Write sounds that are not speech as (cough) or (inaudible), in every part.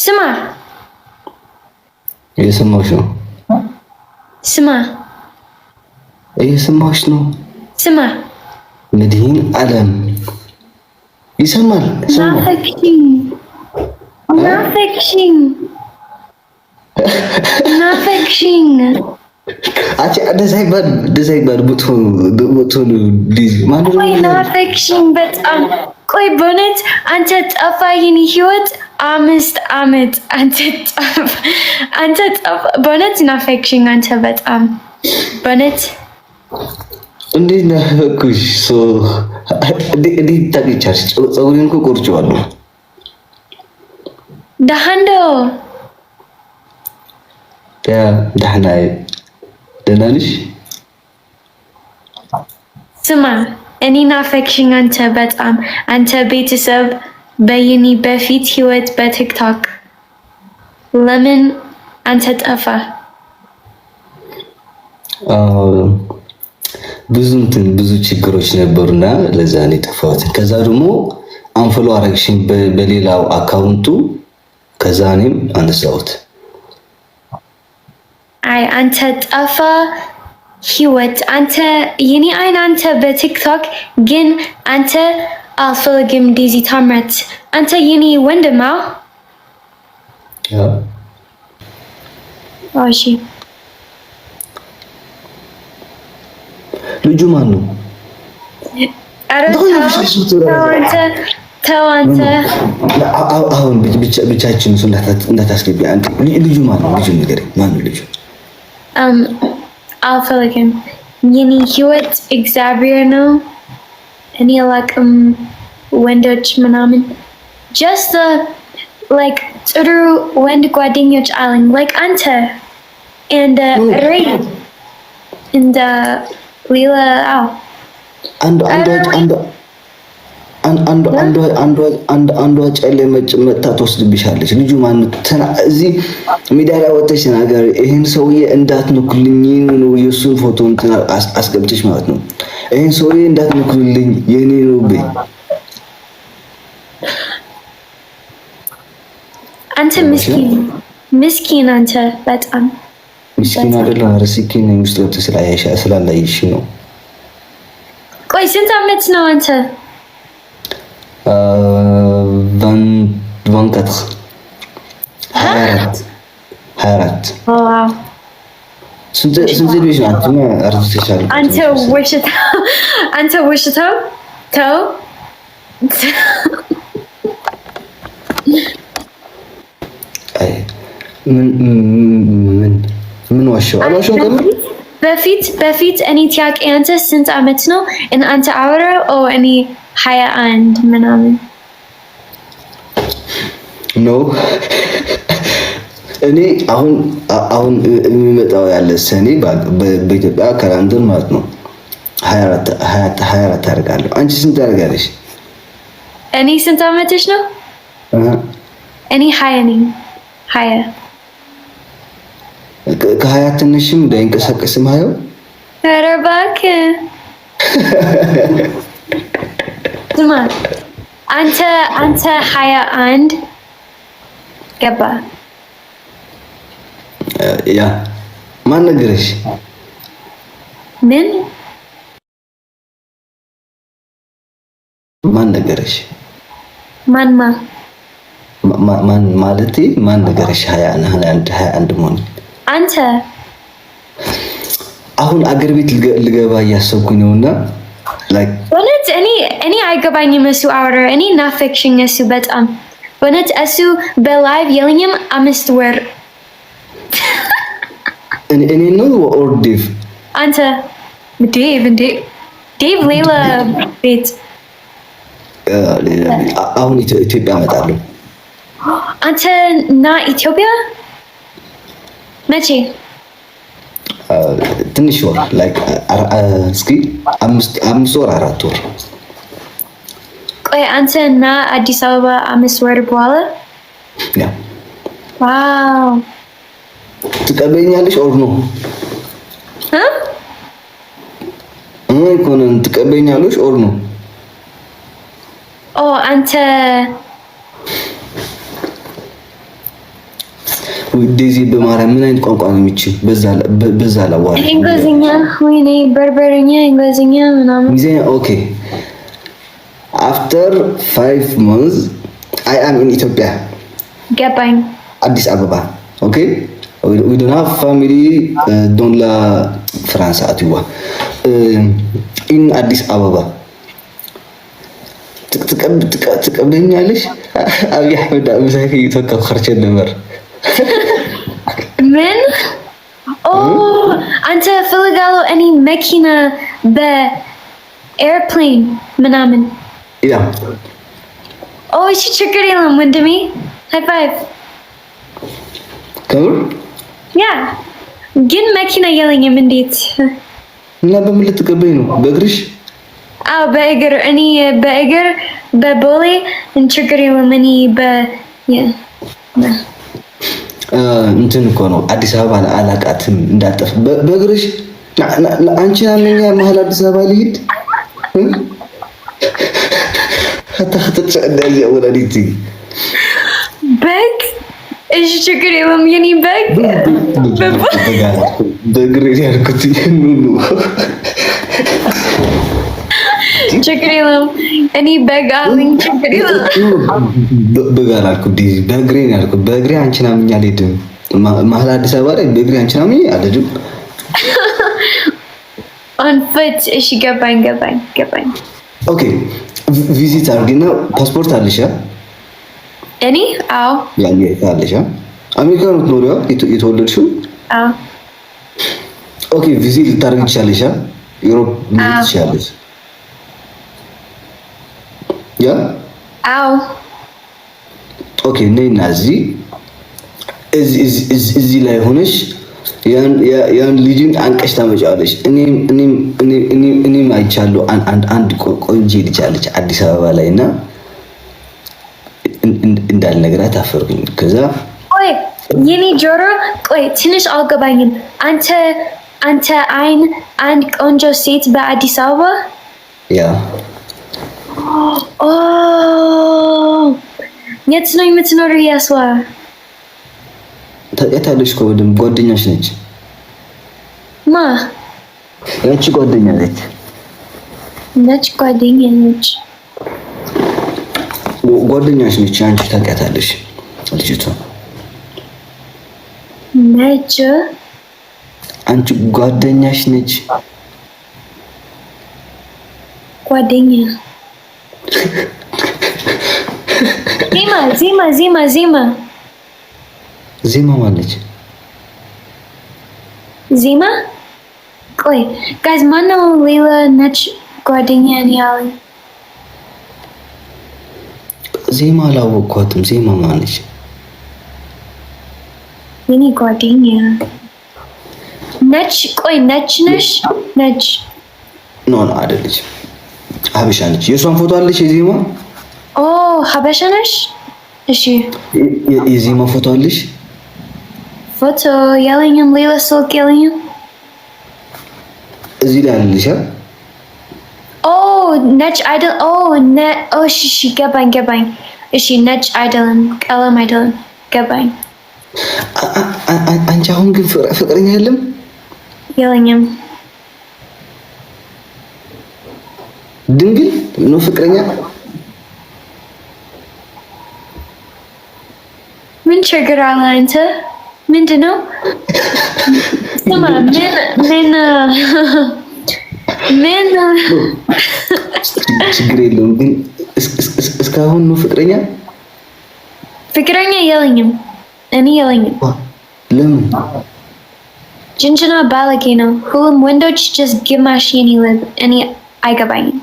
ስማ እየሰማሁሽ ነው። ስማ እየሰማሁሽ ነው። ስማ መድህን ዓለም ይሰማል። ናፈቅሽኝ፣ ናፈቅሽኝ፣ ናፈቅሽኝ። አንቺ እንደዛ ይባል፣ እንደዛ ይባል። በጣም ቆይ፣ በእውነት አንተ ጠፋይን ህይወት አምስት አመት አንተ ጻፍ አንተ ጻፍ። በእውነት ናፈቅሽኝ አንተ በጣም በእውነት። እንዴት ናፈቅኩሽ። ሶ እንዴት ታገቻለሽ? ፀጉሬን እኮ ቆርጬዋለሁ። ደህና እንደው ያ ደህና ደህና ነሽ? ስማ እኔ ናፈቅሽኝ አንተ በጣም አንተ ቤተሰብ በይኒ በፊት ህይወት በቲክቶክ ለምን አንተ ጠፋ? ብዙ እንትን ብዙ ችግሮች ነበሩና ለዛ ነው የጠፋሁት። ከዛ ደግሞ አንፈሎ አረግሽኝ በሌላው አካውንቱ ከዛ እኔም አነሳሁት። አይ አንተ ጠፋ ህይወት አንተ የኔ አይን አንተ በቲክቶክ ግን አንተ አልፈልግም ዴዚ ታምራት፣ አንተ የኔ ወንድማ? እሺ ልጁ ማን ነው? አሁን ብቻችን እሱ እንዳታስገቢ። ልጁ ማን ነው? ልጁ ንገረኝ፣ ማን ነው ልጁ? አልፈልግም የኔ ህይወት እግዚአብሔር ነው እኔ አላቅም ወንዶች ምናምን ጀስት ላይክ ጥሩ ወንድ ጓደኞች አለኝ ላይክ አንተ እንደ ሬይ እንደ ሌላ አዎ አንዱ አንዱ አንዱ አንዷ ትወስድብሻለች። ልጁ ማንቱ እዚህ ሜዳ ላይ ወጥተሽ ተናገሪ። ይህን ሰውዬ እንዳትንኩልኝ የሱን ፎቶ አስገብተሽ ማለት ነው ይህን ሰውዬ እንዳትነክሩልኝ የእኔ ነውብኝ። አንተ ምስኪን ምስኪን፣ አንተ በጣም ምስኪን አይደለ? ኧረ ስኪን ነኝ። ውስጥ ገብተህ ስላላየሽ ነው። ቆይ ስንት አመት ነው አንተ? ቫንቀት ሀያ አራት ሀያ አራት ስንት ልጅ አንተ ውሽታው ተው። ምን ዋሸው? አልዋሸሁም። በፊት በፊት እኔ ጥያቄ አንተ ስንት አመት ነው? አንተ አወራ እኔ ሀያ አንድ ምናምን ነው እኔ አሁን አሁን የሚመጣው ያለ ሰኔ በኢትዮጵያ ካላንደር ማለት ነው ሀያ አራት ታደርጋለሁ። አንቺ ስንት ታደርጋለሽ? እኔ ስንት አመትሽ ነው? እኔ ሀያ ነኝ። ሀያ ከሀያ ትንሽም እንዳይንቀሳቀስም ሀያው ኧረ እባክህ ስማ አንተ አንተ ሀያ አንድ ገባ ያ ማን ነገረሽ? ምን ማን ነገረሽ? ማን ማ ማን ማለት ማን ነገረሽ? ሀያ አንድ ሀያ አንድ መሆን አንተ አሁን አገር ቤት ልገባ እያሰብኩኝ ነውና በእውነት እኔ እኔ አይገባኝም። እሱ አውረ እኔ ናፈቅሽኝ እሱ በጣም በእውነት እሱ በላይቭ የለኝም አምስት ወር እኔ ነው ኦር ዴቭ? አንተ ዴቭ እንዴ? ዴቭ ሌላ ቤት አሁን ኢትዮጵያ እመጣለሁ። አንተ እና ኢትዮጵያ መቼ? ትንሽ ወር እስኪ አምስት ወር አራት ወር ቆይ። አንተ እና አዲስ አበባ አምስት ወር በኋላ ዋው ትቀበኛለሽ ኦር ነው? እኔ እኮ ነን። ትቀበኛለሽ ኦር ነው? ኦ አንተ ዴዚ በማርያም ምን አይነት ቋንቋ ነው የሚችል? በዛ በዛ ላዋል እንግሊዝኛ፣ ወይኔ በርበርኛ፣ እንግሊዝኛ ምናምን እንግሊዝኛ። ኦኬ አፍተር ፋይቭ መንዝ አይ አም ኢን ኢትዮጵያ ገባኝ፣ አዲስ አበባ ኦኬ وي دون هاف فاميلي دون لا فرنسا تيوا ان اديس ابابا تقب تقبلني علاش من او انت فيلغالو اني ماكينا ب ايربلين منامن يلا او شي تشكري لهم وندمي هاي فايف كور ያ ግን መኪና የለኝም። እንዴት እና በምን ልትቀበኝ ነው? በእግርሽ? አዎ በእግር እኔ በእግር በቦሌ ችግር የለም። እኔ በ እንትን እኮ ነው አዲስ አበባ አላቃትም እንዳጠፍ በእግርሽ አንቺ ናምኛ መሀል አዲስ አበባ ልሂድ ታተጨ እንዳያ ወላዲቲ በግ እሺ ችግር የለም። የኔ በግ ያልኩት ችግር የለም። እኔ በግ አሉኝ። ችግር የለም። በግ ነው ያልኩት። አንቺን አምኜ አልሄድም። መሀል አዲስ አበባ ላይ አንቺን አምኜ አልሄድም። አንፈት እሺ፣ ገባኝ፣ ገባኝ፣ ገባኝ። ኦኬ ቪዚት አድርጊና ፓስፖርት አለሽ? እኔ አዎ፣ የአሜሪካ አሜሪካ ነው የተወለድሽው? ኦኬ፣ ቪዚት ልታደርግ ዩሮፕ ያ አዎ። ኦኬ፣ እዚህ እዚህ ላይ ሆነሽ ያን ልጅን አንቀሽ ታመጫዋለሽ። እኔም አይቻለሁ። አንድ ቆንጆ ልጅ አለች አዲስ አበባ ላይ እና እንዳልነግራት አፈርኩኝ። ከዛ የኔ ጆሮ ቆይ ትንሽ አልገባኝም። አንተ አንተ አይን አንድ ቆንጆ ሴት በአዲስ አበባ ያ ኦ የት ነው የምትኖር? እያስዋ ታውቂያታለሽ እኮ በደምብ ጓደኛሽ ነች። ማ ያቺ ጓደኛ ነች ነች ጓደኛ ነች ጓደኛሽ ነች። አንቺ ታውቂያታለሽ ልጅቷ ነች። አንቺ ጓደኛሽ ነች። ጓደኛ ዜማ ዜማ ዜማ ዜማ ዜማ ማለች ዜማ ቆይ ጋዝ ማነው ሌላ ነች ጓደኛ ያለኝ ዜማ አላወቅኳትም። ዜማ ማነች? የኔ ጓደኛ ነች። ቆይ ነች ነሽ ነች? ኖ ኖ አይደለች፣ ሀበሻ ነች። የእሷን ፎቶ አለች። የዜማ ኦ ሀበሻ ነሽ? እሺ የዜማ ፎቶ አለሽ? ፎቶ የለኝም፣ ሌላ ስልክ የለኝም። እዚህ ላይ አለልሻል ነጭ አይደል? ኦ ነ ኦ እሺ፣ እሺ፣ ገባኝ፣ ገባኝ። እሺ፣ ነጭ አይደለም፣ ቀለም አይደለም፣ ገባኝ። አንቺ አሁን ግን ፍቅረኛ የለም? የለኝም። ድንግል ነው ፍቅረኛ? ምን ችግር አለ አንተ? ምንድን ነው (laughs) ምን ምን ምን ችግር የለውም ግን እስካሁን ነው ፍቅረኛ ፍቅረኛ የለኝም እኔ የለኝም ለምን ጅንጅና ባለጌ ነው ሁሉም ወንዶች ጀስ ግማሽ የኔ ልብ እኔ አይገባኝም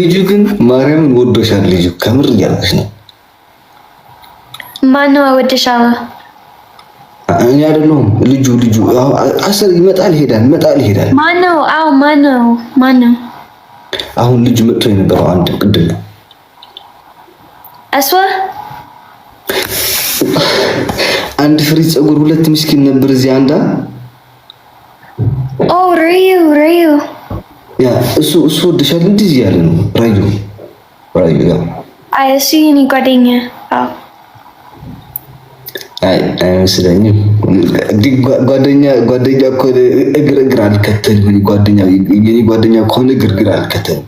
ልጁ ግን ማርያምን ወዶሻል ልጁ ከምር እያልኩሽ ነው ማነው ወደሻለ እኔ አይደለሁም ልጁ ልጁ አሰር ይመጣል ይሄዳል፣ ይመጣል ይሄዳል። ማነው? አዎ ማን ነው አሁን ልጁ መጥቶ የነበረው አንድ ቅድም ነው አስዋ አንድ ፍሪ ፀጉር ሁለት ምስኪን ነበር። እዚህ አንዳ ኦ ሪዩ ሪዩ ያ እሱ እሱ ወደሻል እንዲህ እያለ ነው ራዩ ራዩ ያ አይ እሱ የእኔ ጓደኛ አዎ አይመስለኝም። ጓደኛ ጓደኛ ከሆነ እግር እግር አልከተልም። ጓደኛ የኔ ጓደኛ ከሆነ እግር እግር አልከተልም።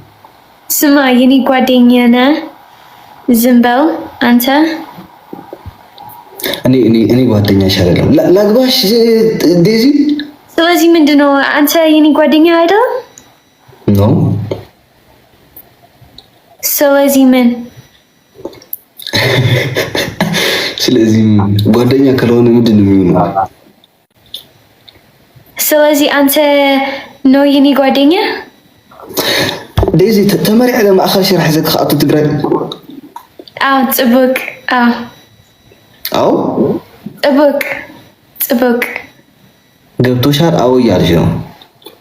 ስማ የኔ ጓደኛ ነ ዝም በው አንተ። እኔ እኔ ጓደኛ ሻለለው ላግባሽ ዴዚ። ስለዚህ ምንድን ነው አንተ የኔ ጓደኛ አይደል? ኖ። ስለዚህ ምን (laughs) ስለዚህ ጓደኛ ካልሆነ ምንድን ነው የሚሆነው? ስለዚህ አንተ ነው የኔ ጓደኛ። ደዚ ተመሪዕ ማእኸል ሽራሕ ዘክኣቱ ትግራይ ኣው ፅቡቅ ኣው ኣው ፅቡቅ ፅቡቅ ገብቶሻል? ኣዎ እያልሽ ነው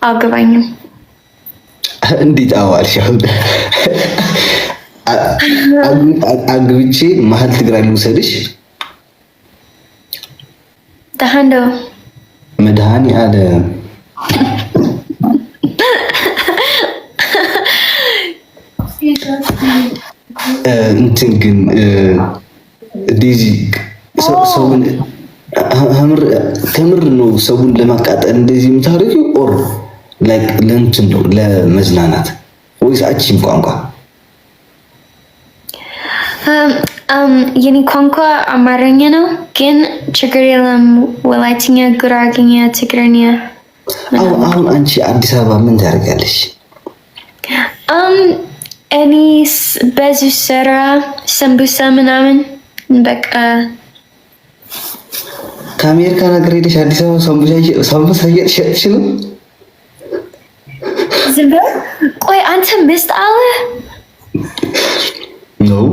ኣው ገባኝ። እንዴት ኣዎ አልሽ? (laughs) አግብቼ መሀል ትግራይ ልውሰድሽ ጠሀንዶ መድሃኒ አለ እንትን ግን ዴዚ ሰውን ከምር ነው ሰውን ለማቃጠል እንደዚህ የምታደርጊው ኦር ለእንትን ነው ለመዝናናት ወይስ አቺም ቋንቋ Um, የኔ ቋንቋ አማርኛ ነው፣ ግን ችግር የለም። ወላይትኛ፣ ጉራግኛ፣ ትግርኛ። አሁን አንቺ አዲስ አበባ ምን ታደርጋለሽ? Um, እኔ በዚህ ስራ ሰንቡሳ ምናምን በቃ ከአሜሪካ ነገር ሄደሽ አዲስ አበባ ሰንቡሳ እየሸጥሽ ነው። ዝም ብለው ቆይ፣ አንተ ምስት አለ ነው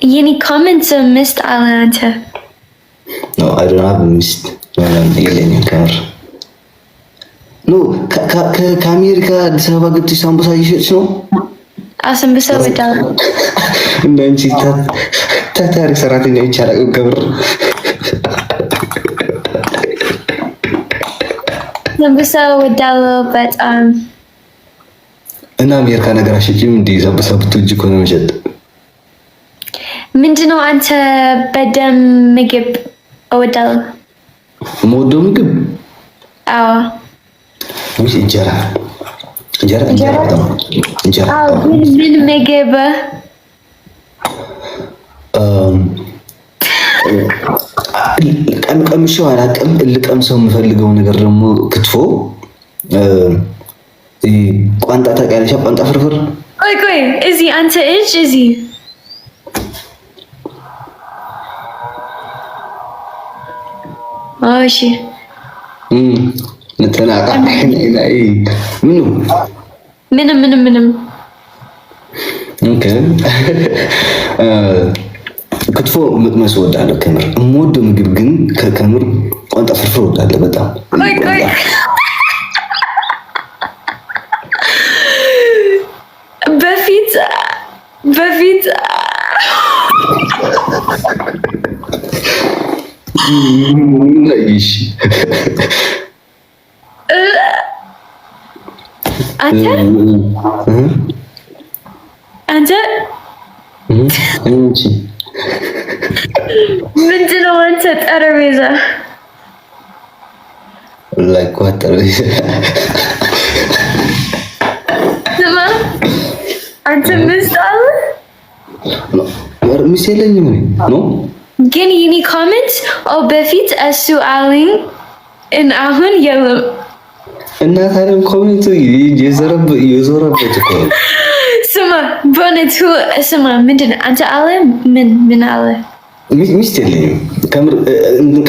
Yeni comments of missed Atlanta. No, I don't have missed. የለኝም ከምር ኖ ከአሜሪካ አዲስ አበባ ገብተሽ ሳምቡሳ እየሸጥሽ ነው። አስንብሳ ወዳ እንዳንቺ ታታሪክ ሰራተኛ ይቻላል ገብር ሳምቡሳ ወዳለው በጣም እና አሜሪካ ነገር አሸጭም እንዲ ሳምቡሳ ብትወጂ እኮ መሸጥ ምንድነው አንተ በደም ምግብ እወዳለሁ። ሞዶ ምግብ አዎ፣ እንጀራ እንጀራ እንጀራ እንጀራ። ምን ምግብ ቀምቀምሼው አላውቅም። ልቀምሰው የምፈልገው ነገር ደግሞ ክትፎ ቋንጣ፣ ታውቂያለሽ? ቋንጣ ፍርፍር። ቆይ ቆይ፣ እዚህ አንተ እጅ እዚህ ماشي امم نتناقحين الى اي منو منو منو؟ ممكن (laughs) آه، كتفو ما سود على الكاميرا مود مقب جن كاميرا وانت فرفور على بدا (laughs) بفيت بفيت مم. (laughs) ነይሽ አንተ ምንድን ነው አንተ ጠረጴዛ ላይኳት ጠረጴዛ ስማ አንተ ምስጣ ሚስት የለኝም ነው ግን ይኔ ኮመንት በፊት እሱ አለኝ አሁን የለም። እና ታዲያ ኮሜንቱ የዞረበት እኮ ነው። ስማ በእውነቱ ስማ፣ ምንድን ነው አንተ አለ ምን ምን አለ? ሚስት የለኝም ከምር።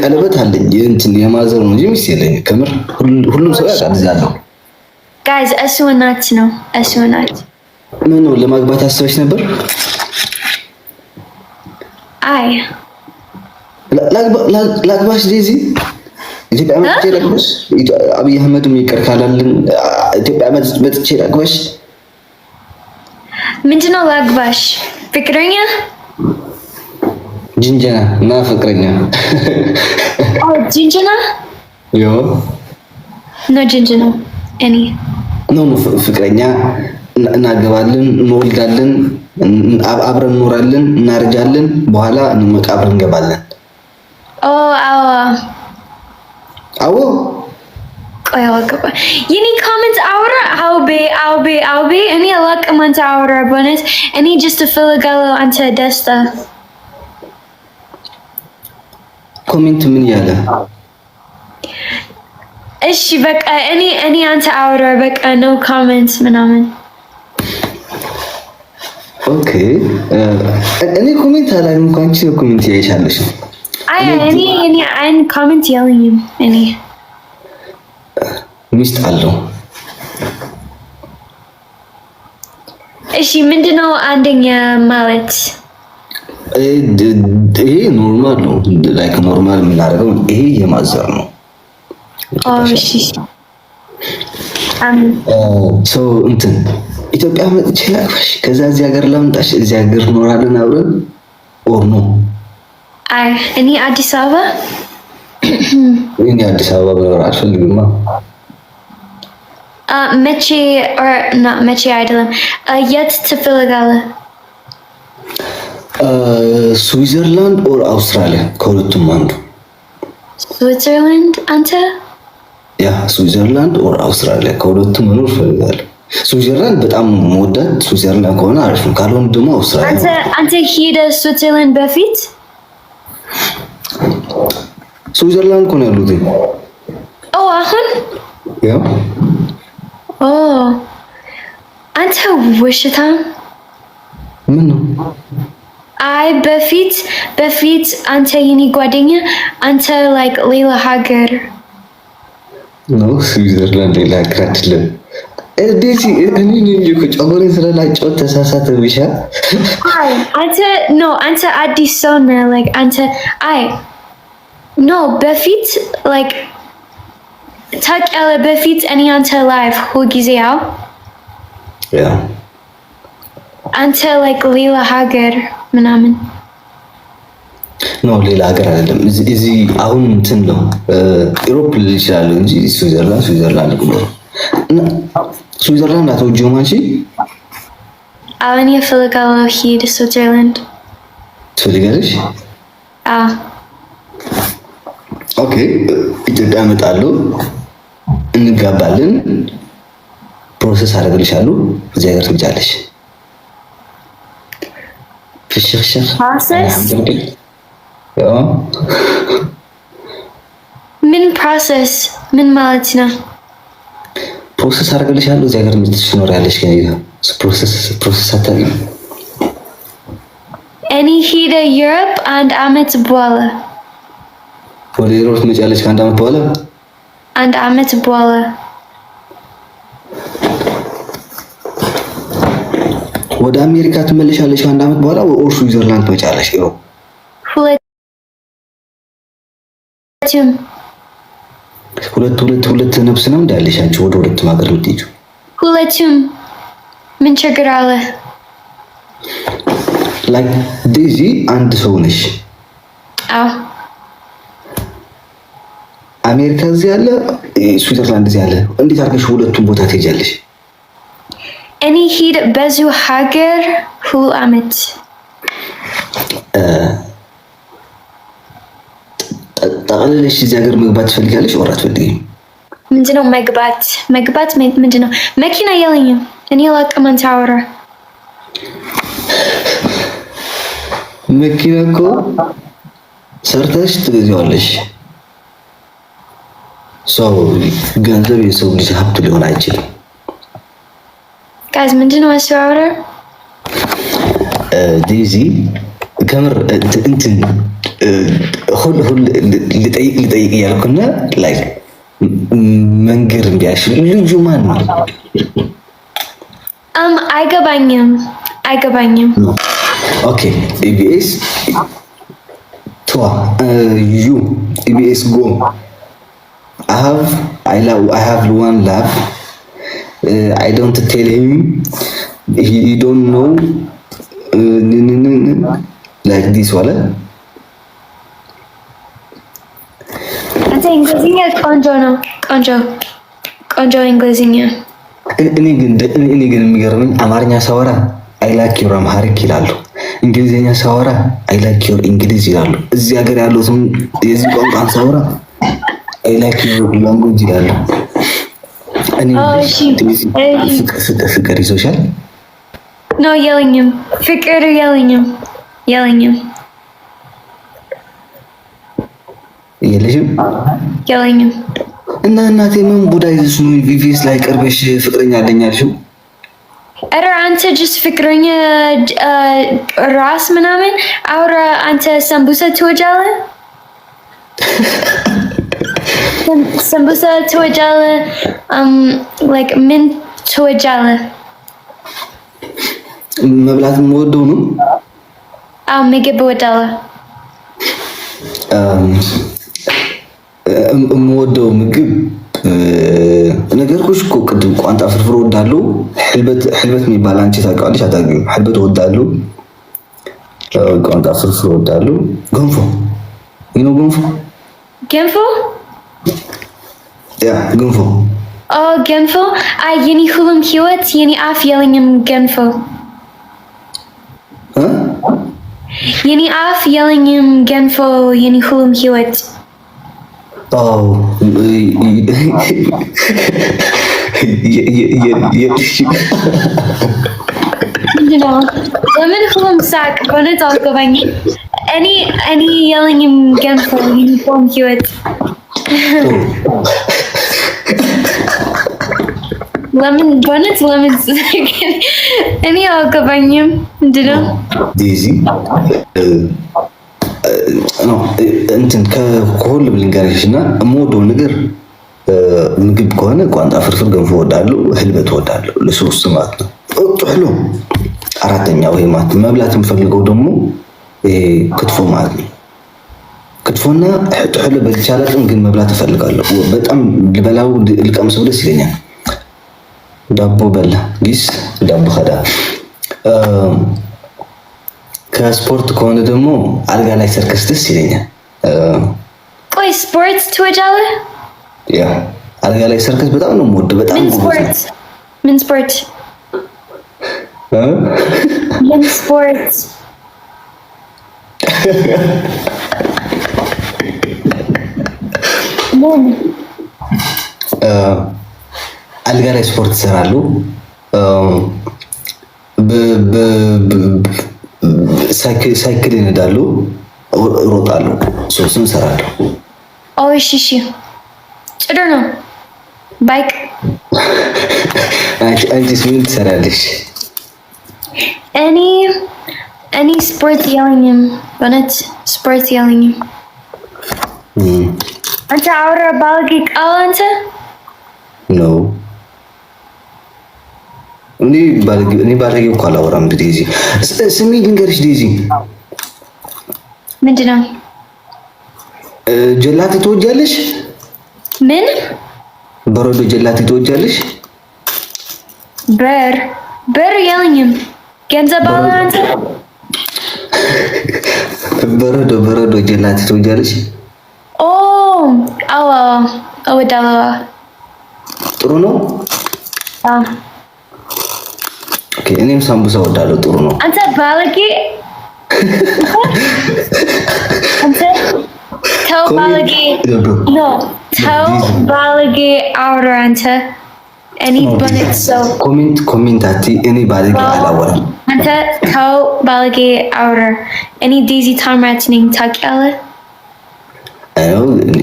ቀለበት አለኝ እንትን የማዘር ነው እንጂ ሚስት የለኝም ከምር። ሁሉም ሰው ያሳዝናለሁ። ጋይዝ እሱ እናት ነው። እሱ እናት ምን ነው ለማግባት አስበሽ ነበር? አይ ላግባሽ ዴዚ ኢትዮጵያ መጥቼ ላግባሽ። አብይ አህመድም ይቅር ካላልን ኢትዮጵያ መጥቼ ላግባሽ። ምንድነው ላግባሽ? ፍቅረኛ ጅንጀና እና ፍቅረኛ ጅንጀና ዮ ኖ ጅንጀና እኔ ኖ ፍቅረኛ እናገባለን፣ እንወልዳለን፣ አብረን እንኖራለን፣ እናርጃለን፣ በኋላ መቃብር እንገባለን። አዎ ቆይ አላውቅም። የኔ ኮመንት አውራ አውቤ አውቤ አውቤ። እኔ አላውቅም አንተ አውራ። በእውነት እኔ ጀስት እፈልጋለሁ አንተ ደስታ። ኮሜንት ምን ያለ? እሺ በቃ እኔ እኔ አንተ አውራ በቃ ነው ኮሜንት ምናምን። ኦኬ እኔ ኮሜንት አላየሁም። እንኳን ኮሜንት ያይሻለሽ ነው ሚስት አለው። እሺ ምንድነው? አንደኛ ማለት ይሄ ኖርማል ነው፣ ላይክ ኖርማል የምናደርገው ይሄ የማዘር ነው። ሰው እንትን ኢትዮጵያ መጥቼ ከዛ እዚህ ሀገር ለምጣሽ እዚህ ሀገር ኖራለን አብረን ኦር ነው አይ እኔ አዲስ አበባ እኔ አዲስ አበባ ብኖር አልፈልግማ። መቼ መቼ አይደለም፣ የት ትፈልጋለህ? ስዊዘርላንድ ኦር አውስትራሊያ ከሁለቱም አንዱ። ስዊዘርላንድ አንተ? ያ ስዊዘርላንድ ኦር አውስትራሊያ ከሁለቱም መኖር እፈልጋለሁ። ስዊዘርላንድ በጣም መወዳት፣ ስዊዘርላንድ ከሆነ አሪፍ ነው፣ ካልሆነ ደግሞ አውስትራሊያ። አንተ ሄደህ ስዊዘርላንድ በፊት ስዊዘርላንድ እኮ ነው ያሉት። ኦ አሁን ያው ኦ አንተ ወሽታ ምን ነው? አይ በፊት በፊት አንተ የኔ ጓደኛ አንተ ላይክ ሌላ ሀገር ነው። ስዊዘርላንድ ሌላ ሀገር አይደለም። እንዴት እኔ ነኝ እኮ ጨምሬ ስለላጨው ተሳሳተ። ብቻ አይ አንተ ኖ አንተ አዲስ ሰው ነህ። ላይክ አንተ አይ ኖ በፊት ላይክ ታቅ ያለ በፊት እኔ አንተ ላይፍ ሁልጊዜ ያው ያ አንተ ላይክ ሌላ ሀገር ምናምን ኖ ሌላ ሀገር አይደለም። እዚህ አሁን እንትን ነው ኢሮፕ ልል ይችላለሁ እንጂ ስዊዘርላንድ ስዊዘርላንድ ነው ስዊዘርላንድ አትወጂውም አንቺ? አዎ እኔ እፈልጋለሁ ሂድ ስዊዘርላንድ። ትፈልጋለሽ? አዎ። ኦኬ ኢትዮጵያ እመጣለሁ፣ እንጋባለን፣ ፕሮሰስ አደርግልሻለሁ፣ እዚህ ሀገር ትመጫለሽ። ፍሽክሽክ ምን ፕሮሰስ ምን ማለት ነው? ፕሮሰስ አደርግልሻለሁ። እዚህ ሀገር ምትሽ ትኖሪያለሽ፣ ግን ፕሮሰስ አታውቂም። እኔ ሄደ ዩሮፕ አንድ አመት በኋላ ወደ ዩሮፕ ትመጫለሽ። ከአንድ አመት በኋላ አንድ አመት በኋላ ወደ አሜሪካ ትመለሻለሽ። ከአንድ አመት በኋላ ኦር ስዊዘርላንድ ትመጫለሽ። ሁለቱም ሁለት ሁለት ሁለት ነፍስ ነው እንዳለሻቸው ወደ ሁለት ሀገር የምትሄጂው? ሁለቱም ምን ችግር አለ? ላይ ዴዚ አንድ ሰው ነሽ። አዎ አሜሪካ እዚህ ያለ ስዊዘርላንድ እዚህ ያለ፣ እንዴት አድርገሽ ሁለቱም ቦታ ትሄጃለሽ? እኔ ሂድ በዚሁ ሀገር ሁሉ አመት አለለሽ እዚህ ሀገር መግባት ትፈልጋለሽ ወር አትፈልጊም? ምንድነው መግባት መግባት ምንድነው? መኪና የለኝም እኔ ለቅመን ታወራ መኪና እኮ ሰርተሽ ትገዛዋለሽ። ሰው ገንዘብ የሰው ልጅ ሀብቱ ሊሆን አይችልም። ጋዝ ምንድነው አስተዋወረ ዴዚ ከምር እንትን ልጠይቅ ልጠይቅ እያልኩና ላይ መንገድ እንዲያሽ ልጁ ማን ነው? አይገባኝም አይገባኝም። ኦኬ ኢቢኤስ ቷ ዩ ኢቢኤስ ጎ አሃቭ ዋን ላቭ አይ ዶንት ቴል ሂም ሂ ዶንት ኖ ላይክ ዲስ ዋለ እንግሊዝኛ ቆንጆ ነው። ቆንጆ ቆንጆ እንግሊዝኛ። እኔ ግን እኔ አማርኛ ሳወራ አይ ላይክ ዩር አምሃሪክ ይላሉ፣ እንግሊዝኛ ሳወራ አይ ላይክ ዩር እንግሊዝ ይላሉ። እዚህ ሀገር ያሉትም የዚህ ቋንቋን ሳወራ አይ ላይክ ዩር ላንጉጅ ይላሉ። ፍቅር ይዞሻል ነው? የለኝም ፍቅር የለኝም የለኝም የለሽም የለኝም። እና እናቴ ምን ቡዳ ይዘሽ ነው ቪቪስ ላይ ቀርበሽ ፍቅረኛ አለኝ አልሽው? ኧረ አንተ ጅስ ፍቅረኛ ራስ ምናምን አውራ። አንተ ሰንቡሳ ትወጃለህ? (laughs) ሰንቡሳ ትወጃለህ? ላይክ ምን ትወጃለህ? መብላት የምወደው ነው። አዎ ምግብ እወዳለሁ። የምወደው ምግብ ነገርኩሽ እኮ ቅድም ቋንጣ ፍርፍር ወዳለው፣ ሕልበት የሚባል አንቺ ታውቂዋለሽ አታውቂውም? ሕልበት ወዳለው፣ ቋንጣ ፍርፍር ወዳለው፣ ገንፎ ነው ገንፎ ገንፎ ያ ገንፎ ገንፎ። አይ የኔ ሁሉም ህይወት የኔ አፍ የለኝም ገንፎ የኔ አፍ የለኝም ገንፎ የኔ ሁሉም ህይወት ለምን ሁሉም ሳቅ በእውነት አልገባኝ። እኔ እኔ የለኝም ገንፎ ዩኒፎርም ህይወት ለምን በእውነት ለምን እኔ አልገባኝም። ምንድነው ዴዚ እንትን ከሁሉም ልንገርሽ እና የምወደው ነገር ምግብ ከሆነ ቋንጣ ፍርፍር፣ ገንፎ እወዳለሁ፣ ህልበት እወዳለሁ። ለሶስት ማለት ነው ጥሕሎ አራተኛ ወይ ማለት መብላት የምፈልገው ደግሞ ክትፎ ማለት ነው። ክትፎና ጥሕሎ በተቻለ ግን መብላት እፈልጋለሁ። በጣም ልበላው ልቀምሰው ደስ ይለኛል። ዳቦ በላ ጊስ ዳቦ ከዳ ከስፖርት ከሆነ ደግሞ አልጋ ላይ ሰርከስ ደስ ይለኛል። ቆይ ስፖርት ያ አልጋ ላይ ሰርከስ በጣም ነው የምወድ። በጣም ምን ስፖርት ምን ስፖርት አልጋ ላይ ስፖርት ይሰራሉ። ሳይክል ይነዳሉ፣ እሮጣሉ፣ ሶስም እሰራለሁ። እሺ፣ እሺ፣ ጥሩ ነው። ባይክ አንቺስ ምን ትሰራለሽ? እኔ እኔ ስፖርት የለኝም፣ በእውነት ስፖርት የለኝም። አንተ አውራ ባልግ ቃል አንተ ነው እኔ ባለጌ እኮ አላወራም። ዴዚ ስሜ ልንገርሽ፣ ዴዚ ምንድን ነው? ጀላቴ ትወጃለሽ? ምን በረዶ ጀላቴ ትወጃለሽ? በር በር የለኝም። ገንዘብ ባላንስ በረዶ በረዶ ጀላቴ ትወጃለሽ? ኦ አዎ፣ አዎ እወዳለሁ። ጥሩ ነው። ኦኬ፣ እኔም ሳምቡሳ ወዳለው ጥሩ ነው። አንተ ባለጌ አንተ ተው ባለጌ ኖ ተው ባለጌ አውራ አንተ እኔ በነጭ ሰው ኮሜንት ኮሜንት አቲ እኔ ባለጌ አላወራም። አንተ ተው ባለጌ አውራ። እኔ ዴዚ ታምራት ነኝ ታውቂያለህ።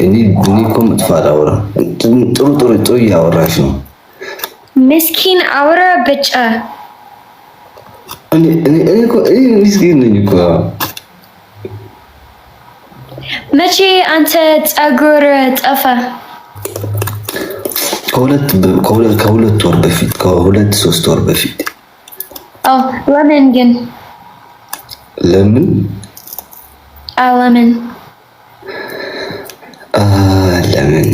እኔ እኮ መጥፎ አላወራም። ጥሩ ጥሩ ጥሩ እያወራሽ ነው። ምስኪን አውራ ብጫ ምስኪን መቼ አንተ ጸጉር ጠፋ? ከሁለት ወር በፊት ከሁለት ሶስት ወር በፊት። አዎ ለምን ግን ለምን ለምን ለምን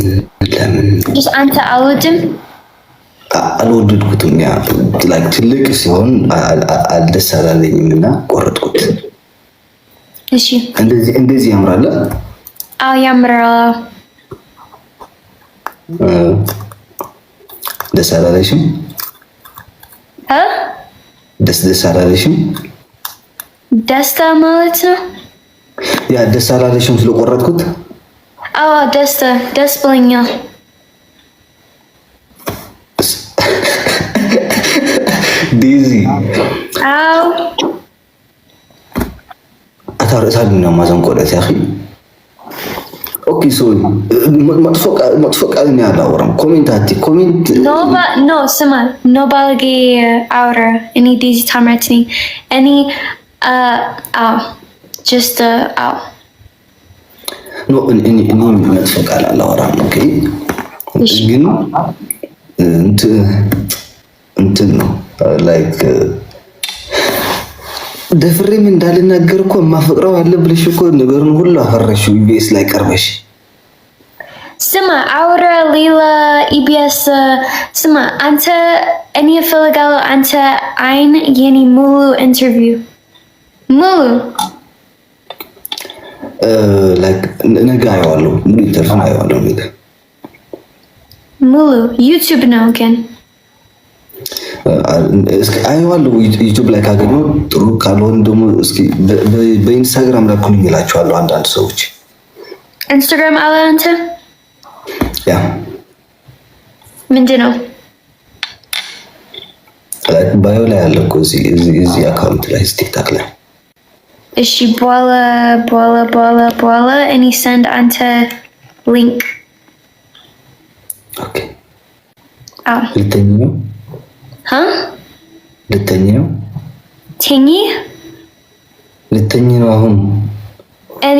ለምን አንተ አልወድም አልወደድኩትም። ያ ትልቅ ሲሆን አልደስ አላለኝም እና ቆረጥኩት። እሺ እንደዚህ ያምራል። አዎ ያምራል። ደስ አላለሽም? ደስ ደስ አላለሽም? ደስታ ማለት ነው። ያ ደስ አላለሽም ስለቆረጥኩት? አዎ ደስታ ደስ ብሎኛል። ዴዚ አዎ አታርእሳልና ማዘንቆለት ያኺ ኦኬ ሶ መጥፎ ቃል እኔ አላወራም። ኮሜንት ኮሜንት ኖ ስማ ኖ ባለጌ አውራ እኔ ዴዚ ታምራት ነኝ። እኔ አዎ ጀስት አዎ ኖ እኔ መጥፎ ቃል አላወራም። ግን እንትን እንትን ነው ላይክ ደፍሬም እንዳልናገር እኮ የማፈቅረው አለ ብለሽ እኮ ነገሩን ሁሉ አፈረሽ። ኢቢኤስ ላይ ቀርበሽ ስማ፣ አውረ ሌላ ኢቢኤስ ስማ፣ አንተ እኔ እፈልጋለሁ አንተ አይን የኔ ሙሉ ኢንተርቪው ሙሉ ነገ አየዋለሁ፣ ሙሉ ኢንተርቪው አየዋለሁ ሙሉ ዩቱብ ነው ግን አይዋለሁ ዩቱብ ላይ ካገኘው ጥሩ፣ ካልሆን ደግሞ በኢንስታግራም ላኩን ይላቸዋለሁ አንዳንድ ሰዎች። ኢንስታግራም አለ አንተ ያ ምንድን ነው ባዮ ላይ ያለ እኮ እዚህ አካውንት ላይ ቲክታክ ላይ እሺ። በኋላ በኋላ በኋላ በኋላ እኔ ሰንድ አንተ ሊንክ ሁለተኛ ነው ልተኝ ነው ልተኝ ነው አሁን እኔ